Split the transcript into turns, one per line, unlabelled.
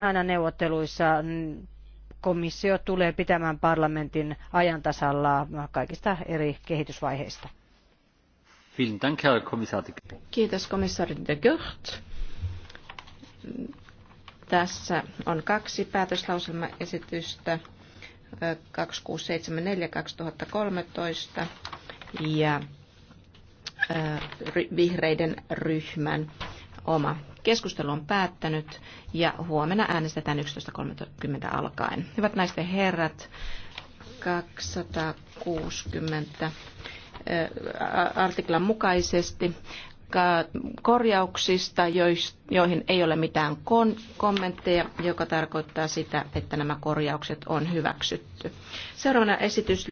aina neuvotteluissa mm, komissio tulee pitämään parlamentin ajan
tasalla kaikista eri kehitysvaiheista.
Kiitos komissaari de Gucht. Tässä on kaksi päätöslauselmaesitystä 2674 2013 ja vihreiden ryhmän oma. Keskustelu on päättänyt ja huomenna äänestetään 11.30 alkaen. Hyvät naisten herrat, 260 äh, artiklan mukaisesti korjauksista, joihin ei ole mitään kommentteja, joka tarkoittaa sitä, että nämä korjaukset on hyväksytty. Seuraavana esitys